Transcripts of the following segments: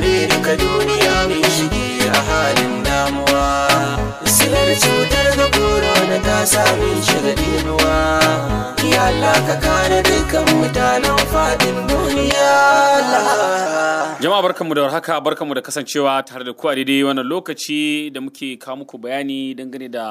gare duka duniya mai shige a halin damuwa silar cutar ga korona ta sami shiga dinuwa ya Allah ka kare dukkan mutanen fadin duniya jama'a barkanmu da warhaka barkanmu da kasancewa tare da ku a daidai wannan lokaci da muke kawo muku bayani dangane da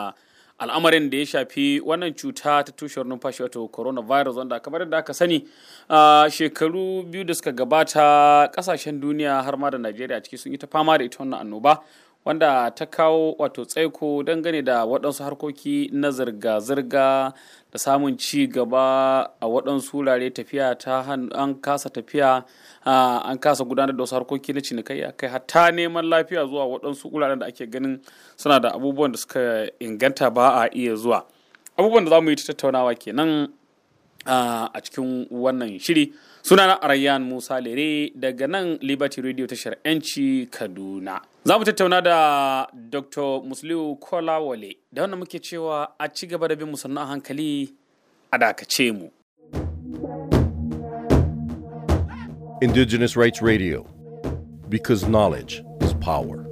al'amarin da ya shafi wannan cuta ta tushen numfashi wato coronavirus wanda kamar yadda aka sani a shekaru biyu da suka gabata kasashen duniya har ma da najeriya ciki sun yi ta fama da ita wannan annoba wanda ta kawo wato tsaiko dangane da waɗansu harkoki na zirga-zirga da samun ci gaba a waɗansu wurare tafiya ta an kasa tafiya an kasa gudanar da wasu harkoki na cinikayya kai hatta neman lafiya zuwa waɗansu wuraren da ake ganin suna da abubuwan da suka inganta ba a iya zuwa abubuwan da za mu yi tattaunawa kenan a cikin wannan shiri suna na arayyan musa lere daga nan liberty radio tashar yanci kaduna za mu tattauna da dr musliu kolawale da wanda muke cewa a ci gaba da bin musamman hankali a dakace mu indigenous rights radio because knowledge is power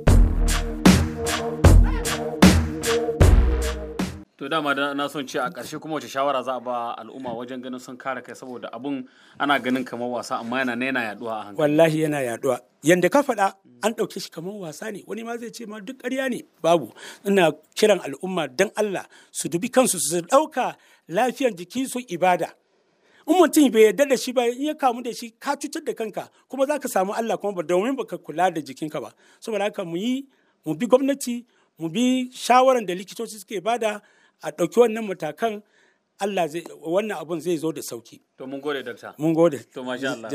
to dama da na son ce a ƙarshe kuma wace shawara za a ba al'umma wajen ganin sun kare kai saboda abun ana ganin kamar wasa amma yana ne yana yaduwa a hankali wallahi yana yaduwa yanda ka faɗa an ɗauke shi kamar wasa ne wani ma zai ce ma duk ƙarya ne babu ina kiran al'umma dan Allah su dubi kansu su ɗauka lafiyar jiki su ibada in mutum bai yarda da shi ba in ya kamu da shi ka cutar da kanka kuma za ka samu Allah kuma ba domin baka kula da jikinka ba saboda haka mu yi mu bi gwamnati mu bi shawaran da likitoci suke bada a ɗauki wannan matakan Allah wannan abun zai zo da sauki. To mun gode dakta. Mun gode. To masha Allah.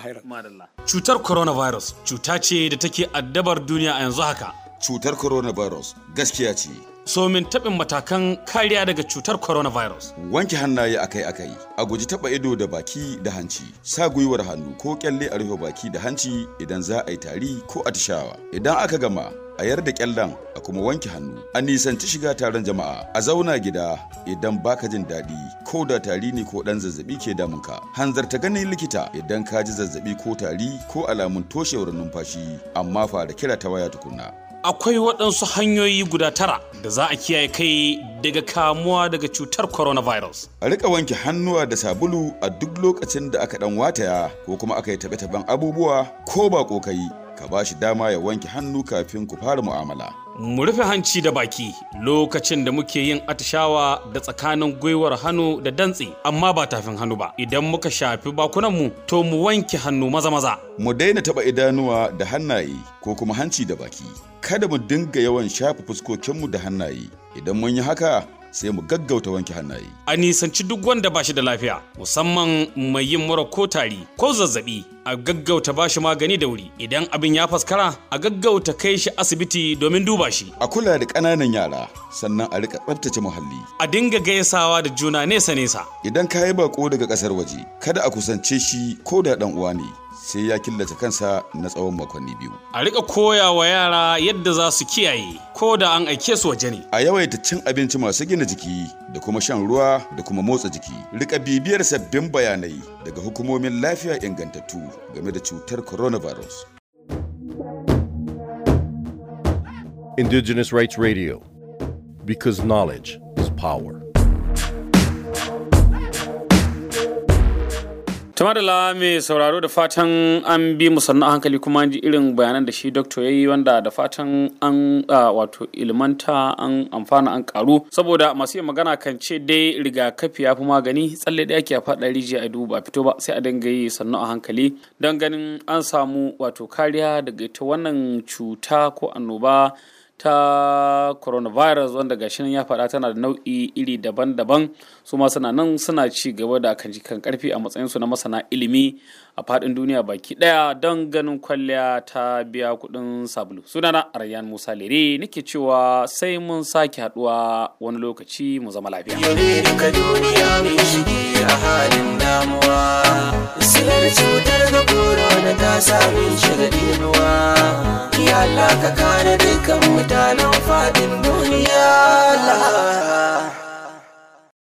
khairan. Cutar coronavirus cuta ce da take addabar duniya a yanzu haka. Cutar coronavirus gaskiya ce. So min taɓin matakan kariya daga cutar coronavirus. Wanke hannaye akai-akai, a guji taɓa ido da baki da hanci, sa gwiwar hannu ko kyalle a rufe baki da hanci idan za a yi tari ko atishawa. Idan aka gama, a yarda kyallan a kuma wanke hannu a nisanci shiga taron jama'a a zauna gida idan baka jin daɗi ko da tari ne ko ɗan zazzabi ke damunka hanzarta ganin likita idan ka ji zazzabi ko tari ko alamun toshewar numfashi amma fara kira ta waya tukunna akwai waɗansu hanyoyi guda tara da za a kiyaye kai daga kamuwa daga cutar coronavirus. A rika wanke hannuwa da sabulu a duk lokacin da aka ɗan wataya ko kuma aka yi taɓe-taɓen abubuwa ko ba ƙoƙari ka ba shi dama ya wanke hannu kafin ku fara mu'amala. Mu rufe hanci da baki lokacin da muke yin atishawa da tsakanin gwiwar hannu da dantse amma ba tafin hannu ba. Idan muka shafi bakunanmu to mu wanke hannu maza-maza. Mu daina taɓa idanuwa da hannaye ko kuma hanci da baki. Kada mu dinga yawan shafa fuskokinmu da hannaye. Idan mun yi haka sai mu gaggauta wanke hannaye. A nisanci duk wanda ba shi da lafiya, musamman mai yin mura ko tari ko zazzabi, a gaggauta ba shi magani da wuri. Idan abin ya faskara, a gaggauta kai shi asibiti domin duba shi. A kula da ƙananan yara, sannan a rika tsaftace muhalli. A dinga gaisawa da juna nesa nesa. Idan ka yi bako daga ƙasar waje, kada a kusance shi ko da ɗan uwa ne. sai ya killace kansa na tsawon makonni biyu. A rika koya wa yara yadda za su kiyaye ko da an aike su waje ne. A yawaita cin abinci masu gina jiki da kuma shan ruwa da kuma motsa jiki. Rika bibiyar sabbin bayanai daga hukumomin lafiya ingantattu game da cutar coronavirus. Indigenous Rights Radio, because knowledge is power. tamar da mai sauraro da fatan an bi musannu a hankali kuma ji irin bayanan da shi doktor ya yi wanda da fatan an wato ilmanta an amfana an karu saboda masu yin magana kan ce dai rigakafi ya fi magani tsalle da ake faɗa rijiya a duba fito ba sai a dinga yi sannu a hankali don ganin an samu wato kariya daga ita wannan cuta ko annoba ta coronavirus wanda gashin ya faɗa tana da nau'i iri daban-daban su ma suna nan suna ci gaba da kan karfi a matsayinsu na masana ilimi a faɗin duniya baki ɗaya don ganin kwalliya ta biya kuɗin sabulu sunana aryan musa lere nake cewa sai mun sake haɗuwa wani lokaci mu zama lafiya cutar ga ta sami shiga Allah ka kare dukkan mutanen faɗin duniya Allah